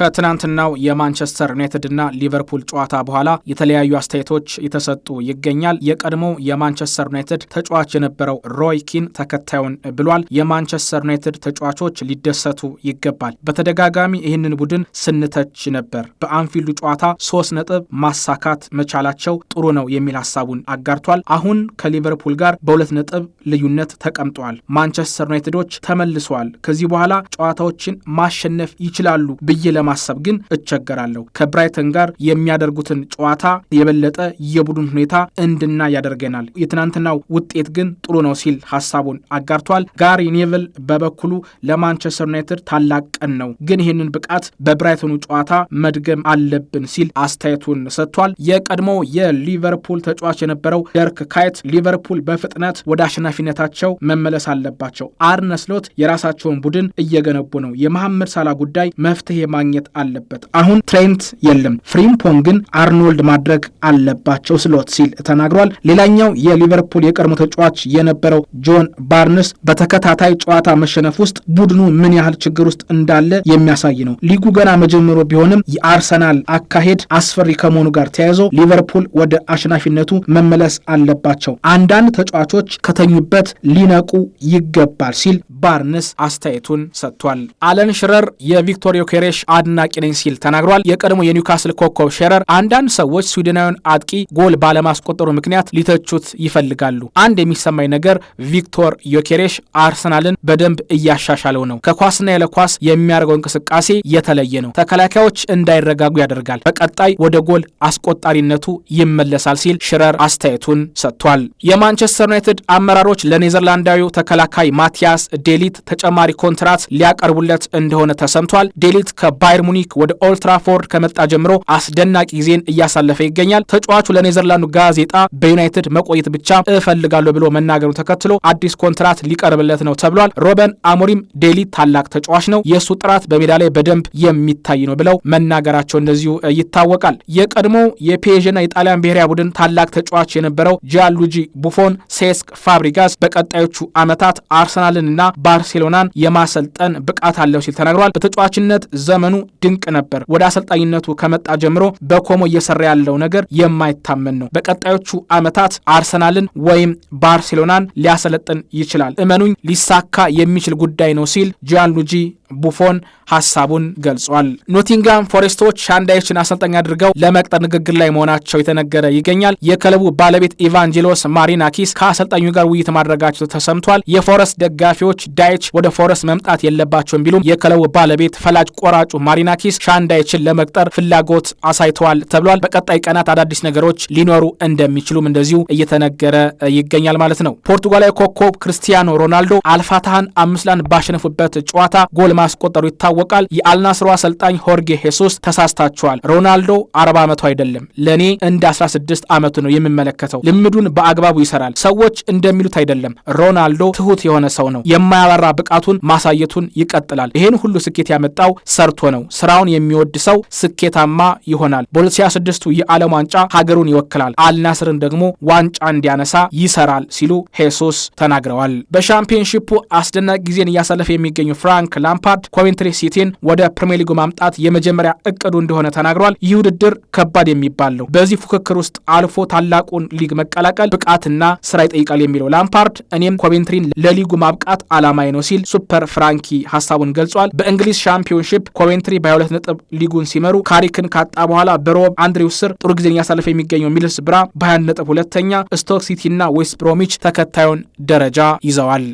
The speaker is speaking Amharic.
ከትናንትናው የማንቸስተር ዩናይትድና ሊቨርፑል ጨዋታ በኋላ የተለያዩ አስተያየቶች የተሰጡ ይገኛል። የቀድሞ የማንቸስተር ዩናይትድ ተጫዋች የነበረው ሮይ ኪን ተከታዩን ብሏል። የማንቸስተር ዩናይትድ ተጫዋቾች ሊደሰቱ ይገባል። በተደጋጋሚ ይህንን ቡድን ስንተች ነበር። በአንፊልዱ ጨዋታ ሶስት ነጥብ ማሳካት መቻላቸው ጥሩ ነው የሚል ሀሳቡን አጋርቷል። አሁን ከሊቨርፑል ጋር በሁለት ነጥብ ልዩነት ተቀምጠዋል። ማንቸስተር ዩናይትዶች ተመልሰዋል። ከዚህ በኋላ ጨዋታዎችን ማሸነፍ ይችላሉ ብዬ ለማ ለማሰብ ግን እቸገራለሁ። ከብራይተን ጋር የሚያደርጉትን ጨዋታ የበለጠ የቡድን ሁኔታ እንድና ያደርገናል። የትናንትናው ውጤት ግን ጥሩ ነው ሲል ሀሳቡን አጋርቷል። ጋሪ ኔቭል በበኩሉ ለማንቸስተር ዩናይትድ ታላቅ ቀን ነው፣ ግን ይህንን ብቃት በብራይተኑ ጨዋታ መድገም አለብን ሲል አስተያየቱን ሰጥቷል። የቀድሞ የሊቨርፑል ተጫዋች የነበረው ደርክ ካይት ሊቨርፑል በፍጥነት ወደ አሸናፊነታቸው መመለስ አለባቸው፣ አርነ ስሎት የራሳቸውን ቡድን እየገነቡ ነው፣ የመሐመድ ሳላ ጉዳይ መፍትሄ ማግኘት መገኘት አለበት። አሁን ትሬንት የለም፣ ፍሪምፖንግን አርኖልድ ማድረግ አለባቸው ስሎት ሲል ተናግሯል። ሌላኛው የሊቨርፑል የቀድሞ ተጫዋች የነበረው ጆን ባርንስ በተከታታይ ጨዋታ መሸነፍ ውስጥ ቡድኑ ምን ያህል ችግር ውስጥ እንዳለ የሚያሳይ ነው። ሊጉ ገና መጀመሩ ቢሆንም የአርሰናል አካሄድ አስፈሪ ከመሆኑ ጋር ተያይዞ ሊቨርፑል ወደ አሸናፊነቱ መመለስ አለባቸው። አንዳንድ ተጫዋቾች ከተኙበት ሊነቁ ይገባል ሲል ባርንስ አስተያየቱን ሰጥቷል። አለን ሽረር የቪክቶር ዮኬሬሽ አድናቂ ነኝ ሲል ተናግሯል። የቀድሞ የኒውካስል ኮከብ ሼረር አንዳንድ ሰዎች ስዊድናዊን አጥቂ ጎል ባለማስቆጠሩ ምክንያት ሊተቹት ይፈልጋሉ። አንድ የሚሰማኝ ነገር ቪክቶር ዮኬሬሽ አርሰናልን በደንብ እያሻሻለው ነው። ከኳስና ያለ ኳስ የሚያደርገው እንቅስቃሴ የተለየ ነው። ተከላካዮች እንዳይረጋጉ ያደርጋል። በቀጣይ ወደ ጎል አስቆጣሪነቱ ይመለሳል ሲል ሽረር አስተያየቱን ሰጥቷል። የማንቸስተር ዩናይትድ አመራሮች ለኔዘርላንዳዊ ተከላካይ ማቲያስ ዴሊት ተጨማሪ ኮንትራት ሊያቀርቡለት እንደሆነ ተሰምቷል። ዴሊት ከባ ባየር ሙኒክ ወደ ኦልትራፎርድ ከመጣ ጀምሮ አስደናቂ ጊዜን እያሳለፈ ይገኛል። ተጫዋቹ ለኔዘርላንዱ ጋዜጣ በዩናይትድ መቆየት ብቻ እፈልጋለሁ ብሎ መናገሩ ተከትሎ አዲስ ኮንትራት ሊቀርብለት ነው ተብሏል። ሮበን አሞሪም ዴሊ ታላቅ ተጫዋች ነው፣ የእሱ ጥራት በሜዳ ላይ በደንብ የሚታይ ነው ብለው መናገራቸው እንደዚሁ ይታወቃል። የቀድሞ የፔዥና የጣሊያን ብሔራዊ ቡድን ታላቅ ተጫዋች የነበረው ጂያንሉጂ ቡፎን፣ ሴስክ ፋብሪጋስ በቀጣዮቹ ዓመታት አርሰናልንና ባርሴሎናን የማሰልጠን ብቃት አለው ሲል ተናግሯል። በተጫዋችነት ዘመኑ ድንቅ ነበር። ወደ አሰልጣኝነቱ ከመጣ ጀምሮ በኮሞ እየሰራ ያለው ነገር የማይታመን ነው። በቀጣዮቹ ዓመታት አርሰናልን ወይም ባርሴሎናን ሊያሰለጥን ይችላል። እመኑኝ ሊሳካ የሚችል ጉዳይ ነው ሲል ጂያንሉጂ ቡፎን ሀሳቡን ገልጿል። ኖቲንጋም ፎሬስቶች ሻንዳይችን አሰልጣኝ አድርገው ለመቅጠር ንግግር ላይ መሆናቸው የተነገረ ይገኛል። የክለቡ ባለቤት ኢቫንጀሎስ ማሪናኪስ ከአሰልጣኙ ጋር ውይይት ማድረጋቸው ተሰምቷል። የፎረስት ደጋፊዎች ዳይች ወደ ፎረስት መምጣት የለባቸውም ቢሉም የክለቡ ባለቤት ፈላጭ ቆራጩ ማሪናኪስ ሻንዳይችን ለመቅጠር ፍላጎት አሳይተዋል ተብሏል። በቀጣይ ቀናት አዳዲስ ነገሮች ሊኖሩ እንደሚችሉም እንደዚሁ እየተነገረ ይገኛል ማለት ነው። ፖርቱጋላዊ ኮከብ ክርስቲያኖ ሮናልዶ አልፋታህን አምስት ለአንድ ባሸነፉበት ጨዋታ ጎል ማስቆጠሩ ይታወቃል። የአልናስሮ አሰልጣኝ ሆርጌ ሄሱስ ተሳስታችኋል፣ ሮናልዶ 40 ዓመቱ አይደለም፣ ለእኔ እንደ 16 ዓመቱ ነው የምመለከተው። ልምዱን በአግባቡ ይሰራል። ሰዎች እንደሚሉት አይደለም። ሮናልዶ ትሁት የሆነ ሰው ነው። የማያበራ ብቃቱን ማሳየቱን ይቀጥላል። ይህን ሁሉ ስኬት ያመጣው ሰርቶ ነው። ስራውን የሚወድ ሰው ስኬታማ ይሆናል። በሁለትሺ ስድስቱ የዓለም ዋንጫ ሀገሩን ይወክላል። አልናስርን ደግሞ ዋንጫ እንዲያነሳ ይሰራል ሲሉ ሄሱስ ተናግረዋል። በሻምፒዮንሺፑ አስደናቂ ጊዜን እያሳለፈ የሚገኙ ፍራንክ ላምፓ ሌፓርድ ኮቬንትሪ ሲቲን ወደ ፕሪምየር ሊጉ ማምጣት የመጀመሪያ እቅዱ እንደሆነ ተናግሯል። ይህ ውድድር ከባድ የሚባል ነው። በዚህ ፉክክር ውስጥ አልፎ ታላቁን ሊግ መቀላቀል ብቃትና ስራ ይጠይቃል የሚለው ላምፓርድ እኔም ኮቬንትሪን ለሊጉ ማብቃት አላማዬ ነው ሲል ሱፐር ፍራንኪ ሀሳቡን ገልጿል። በእንግሊዝ ሻምፒዮንሺፕ ኮቬንትሪ በ22 ነጥብ ሊጉን ሲመሩ ካሪክን ካጣ በኋላ በሮብ አንድሬው ስር ጥሩ ጊዜን እያሳለፈ የሚገኘው ብራ በ21 ነጥብ ሁለተኛ፣ ስቶክ ሲቲና ዌስት ብሮሚች ተከታዩን ደረጃ ይዘዋል።